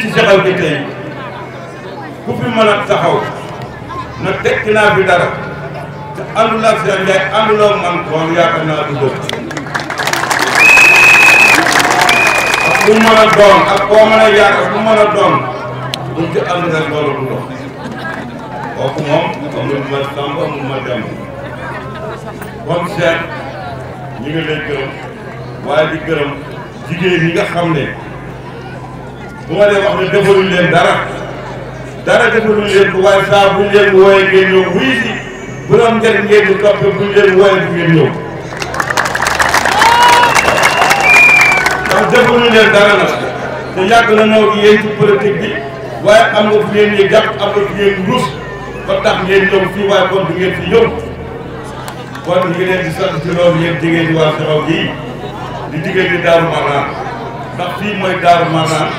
ci xew bi tey ku fi mën a taxaw na tekk naa fi dara te àndul ak seen yaay ànduloo man kon yaakaar naa du góob ku mën a doon ak koo mën a yaar ak ku mën a doon buñ ci ànd nga loolu du dox kooku moom amul ma sàmb amul ma dem kon seet ñu ngi lay gërëm waaye di gërëm jigéen ñi nga xam ne bu ma leen wax ne defaluñ leen dara dara defaluñ leen ko waaye saa buñ leen wooyee ngeen ñëw wuyu si bu doon njëriñ ngeen di topp buñ leen wooyee bu leen dara nag te yàgg la ñoo ngi yéen ci politique bi waaye am nga fi ngeen ñu jàpp am nga fi ngeen ruus ba fii waaye kon du ngeen fi ñëw kon ñu ngi leen di sant ci waa Sexaw gii di jigéen ñi Daaru Marnaan ndax fii mooy Daaru Marnaan.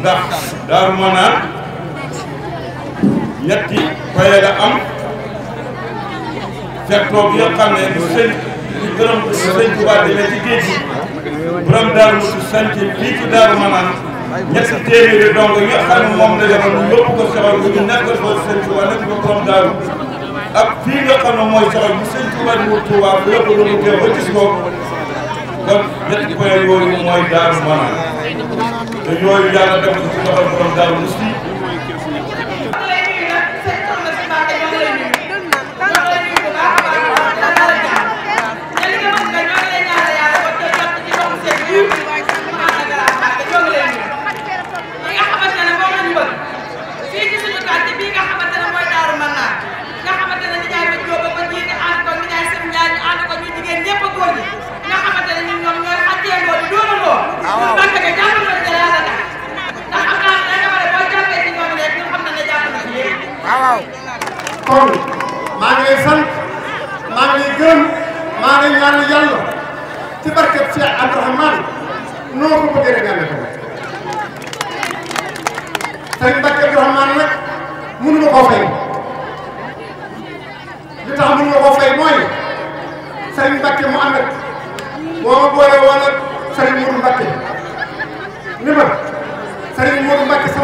ndax Daaru Manaan ñetti pay la am fektoo bi nga xam ne du sëñ Daaru Muxti sanc lii ci Daaru Manaan ñetti téeméeri dong yi nga xam ne moom la defoon ñu yóbbu ko Daaru ak fii te yooyu yàlla def ko ci loxol borom Daaru Musti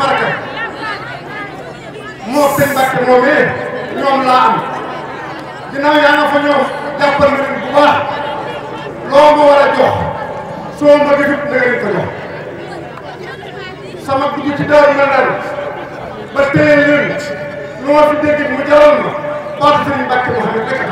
Mbarka moo seen Mbarka moomee ñoom laa am ginnaaw yaa nga fa ñëw jàppal nga bu baax loo ma war a jox soo ma dëgg da nga ko jox sama dugg ci daaw na nar ba tey leen lu fi dégg mu jaroon ma baatu seen Mbarka moo xam ne rek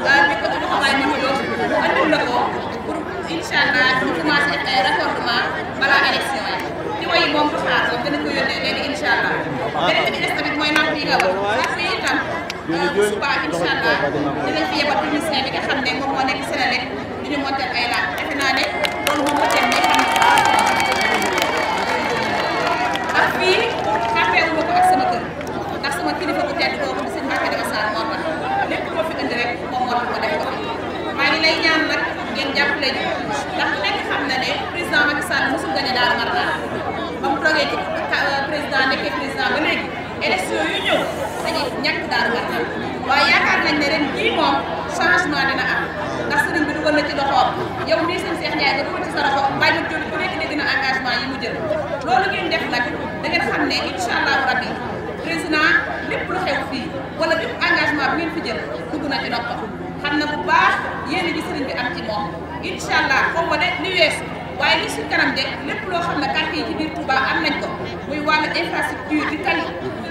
ñu ko ci taxawaay bi ñu doon andil la ko pour incha allah ñu commencé ay raccordement balaa élection yi ci wayi moom bu xaar moom dina ko bi mooy napp yi nga wax napp yi itam euh, bu subaa incha allah dinañ fi yebal technicien bi nga xam ne moom moo nekk Sénélec du ñu monter ay laaj defe naa ne loolu moom moo élection yu ñëw dañuy ñàkk daal nga xam waaye yaakaar nañ ne ren bii moom changement dina am ndax sëriñ bi dugal na ci loxoom yow mii sëñ Cheikh Ndiaye nga dugal ci sa loxo mbaa ñu jël ku nekk dégg na engagement yi mu jël loolu ngeen def nag da xam ne incha allahu rabbi président lépp lu xew fii wala lépp engagement bi ngeen fi jël dugg na ci xam na bu baax yéen ji sëriñ bi am ci moom incha allah comme wane ni waaye li si kanam de lépp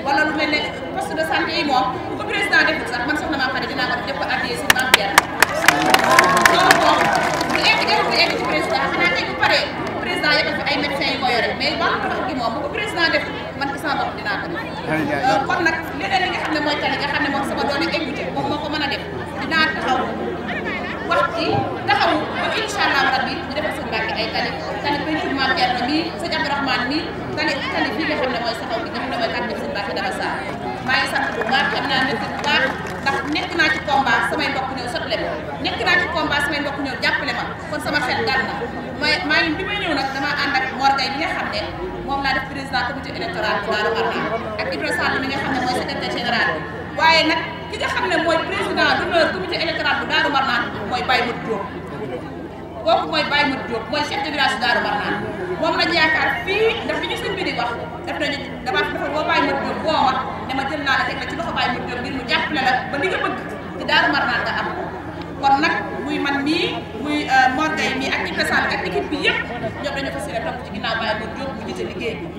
wala lu mel ne poste de santé yi moom bu président deful sax man soxna maa xam ne dinaa ko def ko président comité électoral bu Daaru Marnaan ak Ibra Sall mi nga xam ne mooy secrétaire général bi waaye nag ki nga xam ne mooy président d'honneur Marnaan mooy Baye Modou Diop kooku mooy Baye Modou Diop mooy chef bi di wax def nañu damaa dafa boo Baye Modou Diop boo wax ne ma jël naa la teg la ci loxo Baye Modou Diop mu jàppale la ba li nga bëgg ci Daaru Marnaan nga am kon nag muy man mii muy euh, Mor Gueye mii ak Ibra Sall ak équipe bi yëpp ñoom dañu fas yéene topp ci ginnaaw Baye Modou Diop mu jiite liggéey bi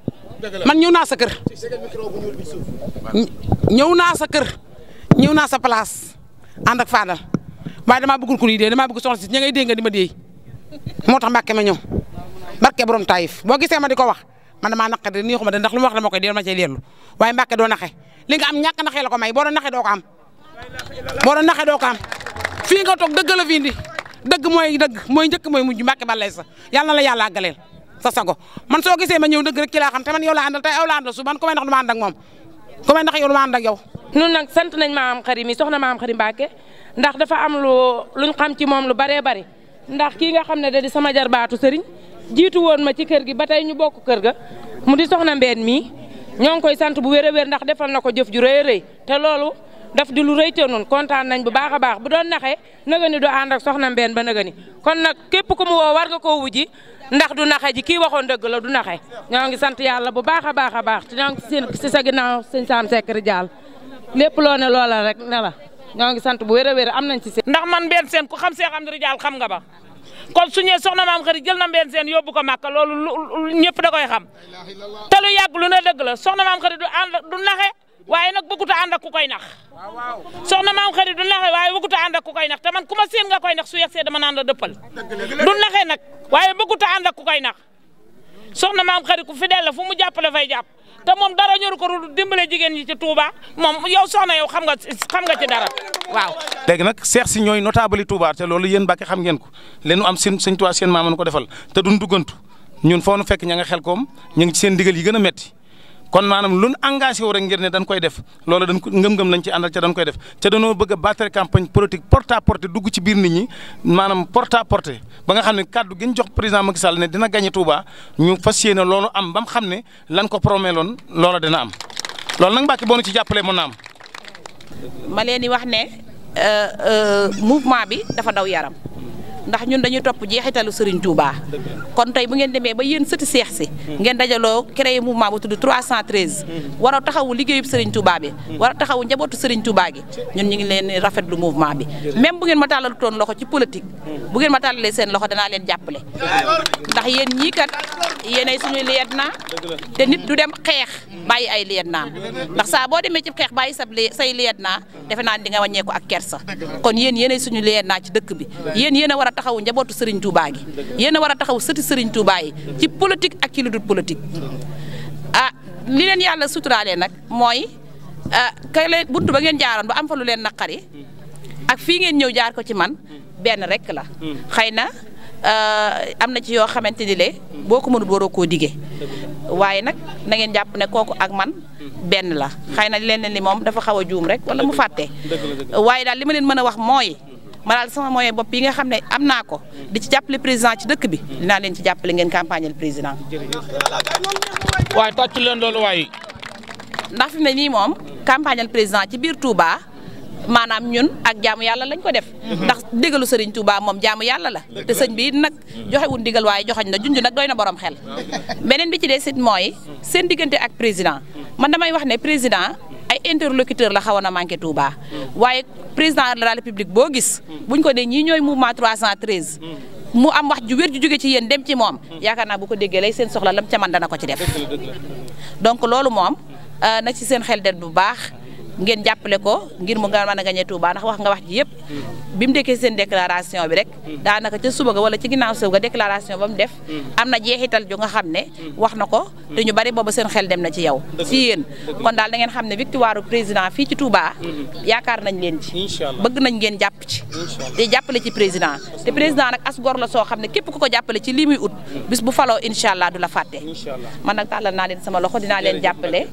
man ñëw naa sa kër ñëw naa sa kër ñëw naa sa place ànd ak Fadal waaye damaa bëggul ku ñuy dee damaa bëgg si ña ngay dégg nga di ma dee mo tax Mbàkke ma ñëw Mbàkke borom Taïf boo gisee ma di ko wax man damaa naqari nii xuma de ndax lu wax dama koy dee ma cay dellu waaye Mbàkke doo naxe li nga am ñàkk naxee la ko may boo doon naxee doo ko am boo doon naxee doo ko am fii nga toog dëgg la fi indi dëgg mooy dëgg mooy njëkk mooy mujj Mbàkke balay sa yàlla na la yàlla àggaleel sa sago man soo gisee ma ñëw dëgg rek ci laa xam te man yow laa àndal tey yow laa àndal su man ku may ndax du ma ànd moom ku may ndax yow du ma ànd ak yow. ñun nag sant nañ maam xarit mi soxna maam xarit Mbacke ndax dafa am lu luñ xam ci moom lu baree bari ndax kii nga xam ne da di sama baatu sëriñ jiitu woon ma ci kër gi ba tey ñu bokk kër ga mu di soxna mbeen mii ñoo ngi koy sant bu wér a ndax defal na ko jëf ju rëy a rëy te loolu daf di lu rëy te noonu kontaan nañ bu baax a baax bu doon naxee naga du ànd ak soxna Mbène ba naga ni kon nag képp ku woo war nga koo wujji ndax du naxe ji kii waxoon dëgg la du naxe ñoo sant yàlla bu baax a baax a baax ñoo ngi seen si sa ginnaaw sëñ Sam Seck Ridial lépp loo ne loola rek ne la ñoo sant bu wér a wér am nañ ci ndax man Mbène Sène ku xam Seex xam Ridial xam nga ba. kon su ñëwee soxna maam xarit jël na mbeen seen yóbbu ko màkk loolu ñëpp da koy xam te lu waaye nag bëggut a ku koy nax soxna maam xarit du naxee waaye bëggut a ànd ak koy nax te man ku ma seen nga koy nax su yegsee dama naan la dëppal du naxee nag waaye bëggut a ku koy nax soxna maam xarit ku fidèle la fu mu jàpp la fay jàpp te moom dara ñoru ko du dimbale jigéen ñi ci Touba moom yow soxna yow xam nga xam nga ci dara waaw. léegi nag seex si ñooy notable yi Touba te loolu yéen Mbàkke xam ngeen ko leenu am seen sëñ Tuubaa seen ko defal te dun duggantu ñun foo nu fekk ña nga xel koom ñu ngi ci seen ndigal yi gën a metti kon maanaam lu engagé wu rek ngir ne dañ koy def loolu dañ ko ngëm-ngëm nañ ci àndal ca danga koy def ca dañoo bëgg a battre campagne politique porte à porte dugg ci biir nit ñi maanaam porte à porte ba nga xam ne kàddu gi jox président Macky Sall ne dina gagné Touba ñu fas yéene loolu am ba mu xam ne lan ko promeloon loola dana am loolu nag Mbacke boo nu ci jàppalee mën na am. ma leen di wax ne euh, euh, mouvement bi dafa daw yaram. ndax ñun dañuy topp jeexitalu Serigne Touba kon tey bu ngeen demee ba yéen sëti seex si ngeen dajaloo créé mouvement bu tudd 313 war a taxawu liggéeyub Serigne Touba bi war a taxawu njabootu Serigne Touba gi ñun ñu ngi leen rafetlu mouvement bi même bu ngeen ma tàllalu toon loxo ci politique bu ngeen ma tàllalee seen loxo danaa leen jàppale ndax yéen ñii kat yéenay suñuy liet naa te nit du dem xeex bàyyi ay liet naa ndax saa boo demee ci xeex bàyyi sa say leet naa defe naa di nga wàññeeku ak kersa kon yéen yéenay suñu liet naa ci dëkk bi a taxaw njabootu Serigne Touba gi yéen a war a taxaw sëti Serigne Touba yi ci politique ak ci lu dul politique ah li leen yàlla suturaalee nag mooy ah kay leen ba ngeen jaaroon ba am fa lu leen naqari ak fii ngeen ñëw jaar ko ci man benn rek la xëy na ah, am na ci yoo xamante ni le boo ko mënul waroo koo digee waaye nag nangeen jàpp ne kooku ak man benn la xëy na leneen moom dafa xaw a juum rek wala mu fàtte waaye daal li ma leen mën a wax mooy ma sama moyen bopp yi nga xam ne am naa ko di ci jàppale président ci dëkk bi dinaa leen ci jàppale ngeen campagne le président. waaye tàcc leen loolu waaye. ndax fi mu ne moom campagne président ci biir Touba maanaam ñun ak jaamu yàlla lañ ko def. ndax digalu sëriñ Touba moom jaamu yàlla la. te sëñ bi nag joxe wun digal waaye joxañ na junj nag doy na borom xel. beneen bi ci des it mooy seen diggante ak président man damay wax ne président. interlocuteur la xawoon a manqué Touba waaye président de la république boo gis buñ ko dee ñii ñooy mouvement 313. mu am wax ju wér ju jóge ci yéen dem ci moom yaakaar naa bu ko déggee lay seen soxla lam ca man dana ko ci def donc loolu moom euh, na ci seen xel del bu baax ngeen jàppale ko ngir mu nga mën a gañe Touba ndax wax nga wax ji yëpp bi mu dekkee seen déclaration bi rek daanaka ca suba ga wala ci ginnaaw suba ga déclaration ba mu def am na jeexital ju nga xam ne wax na ko te ñu bari booba seen xel dem na ci yow si yéen kon daal da ngeen xam ne victoire président fii ci Touba mm-hmm. yaakaar nañ leen ci bëgg nañ ngeen jàpp ci te jàppale ci président te président nag as gor la soo xam ne képp ku ko jàppale ci lii mu ut mm-hmm. bis bu faloo incha allah du la fàtte man nag tàllal naa leen sama loxo dinaa leen jàppale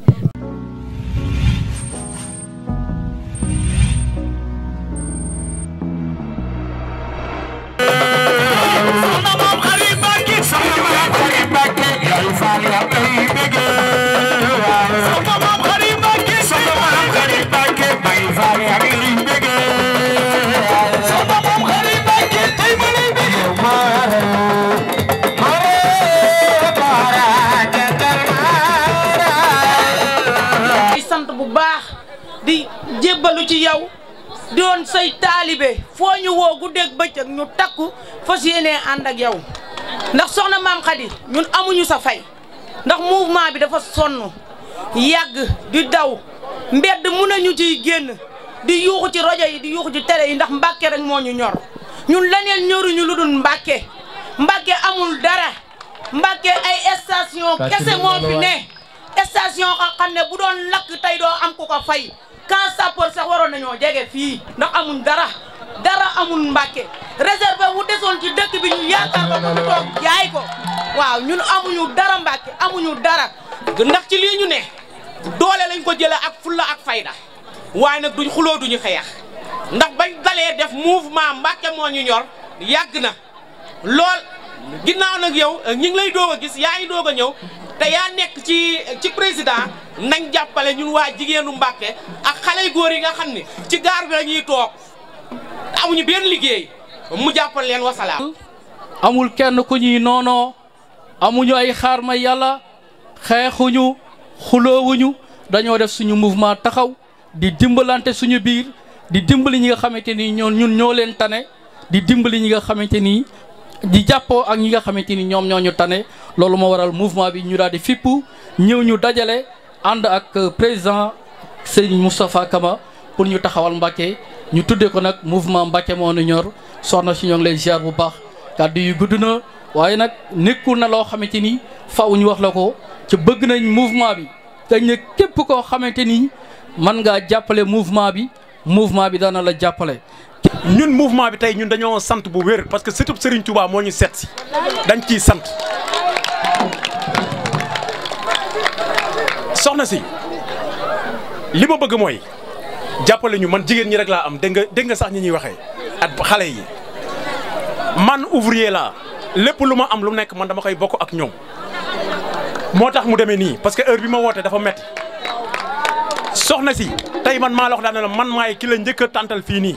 jébbalu ci yow doon say taalibe foo ñu woo guddeeg bëccëg ñu takku fa yéenee ànd ak yow ndax soxna maam Khady ñun amuñu sa fay ndax mouvement bi dafa sonn yàgg di daw mbedd mun ñu ciy génn di yuuxu ci rajo yi di yuuxu ci tere yi ndax Mbàkke rek moo ñu ñor ñun leneen ñoruñu lu dul Mbàkke Mbàkke amul dara Mbàkke ay station kese moo fi ne station xam ne bu doon lakk tey doo am ku ko fay quand sapeur sax waroon nañoo jege fii ndax amuñ dara dara amul mbàkke réservé wu desoon ci dëkk bi ñu yaakaar ko mu toog jaay ko waaw ñun amuñu dara mbàkke amuñu dara ndax ci lii ñu ne doole lañ ko jële ak fulla ak fayda waaye nag duñ xuloo duñu xeex ndax bañ dalee def mouvement mbàkke moo ñu ñor yàgg na lool ginnaaw nag yow ñi ngi lay doog gis yaa ngi doog a ñëw te yaa nekk ci ci président nañ jàppale ñun waa jigéenu Mbàkke ak xale góor yi nga xam ni ci gaar bi la ñuy toog amuñu benn liggéey mu jàppal leen wasalaam. amul kenn ku ñuy noonoo amuñu ay xaar ma yàlla xeexuñu xuloowuñu dañoo def suñu mouvement taxaw di dimbalante suñu biir di dimbali ñi nga xamante ni ñoo ñun ñoo leen tane di dimbali ñi nga xamante nii di jàppoo ak ñi nga xamante ni ñoom ñoo ñu tane loolu moo waral mouvement bi ñu daal di ñëw ñu dajale ànd ak président Serigne Moustapha Kama pour ñu taxawal Mbacke ñu tuddee ko nag mouvement Mbacke moo nu ñor soxna si ñoo ngi lay ziar bu baax kàddu yi gudd na waaye nag nekkul na loo xamante ni faaw ñu wax la ko ci bëgg nañ mouvement bi dañ ne képp koo xamante ni mën ngaa jàppale mouvement bi mouvement bi dana la jàppale ñun mouvement bi tay ñun dañoo sant bu wér parce que surtout Serigne Touba moo ñu seet dañ ciy sant soxna si li ma bëgg mooy jàppale ñu man jigéen ñi rek laa am dégg nga dégg nga sax ñi ñuy waxee at xale yi man ouvrier laa lépp lu ma am lu nekk man dama koy bokk ak ñoom moo tax mu demee nii parce que heure bi ma woote dafa metti soxna si tey man maa la wax daan man maay ki la njëkk a tàntal fii nii.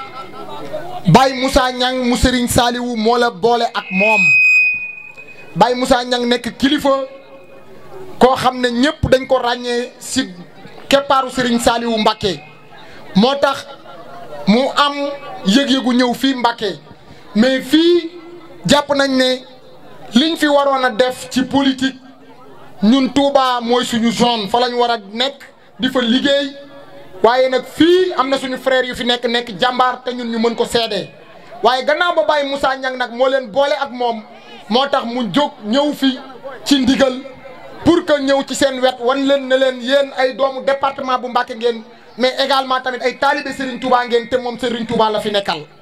Baye Moussa Niang mu Serigne Saliou moo la boole ak moom Baye Moussa Niang nekk kilifa koo xam ne ñëpp dañ ko ràññee si keppaaru Serigne Saliou Mbacké moo tax mu am yëg-yëgu ñëw fii Mbacké mais fii jàpp nañ ne liñ fi waroon a def ci politique ñun Touba mooy suñu zone fa lañ war a nekk di fa liggéey. waaye nag fii am na suñu frère yu fi nekk nekk jàmbaar te ñun ñu mën ko seede waaye gannaaw ba Baye Moussa ñang nag moo leen boole ak moom moo tax mu jóg ñëw fi ci ndigal pour que ñëw ci seen wet wan leen ne leen yéen ay doomu département bu Mbacké ngeen mais également tamit ay taalibe Serigne Touba ngeen te moom Serigne Touba la fi nekkal.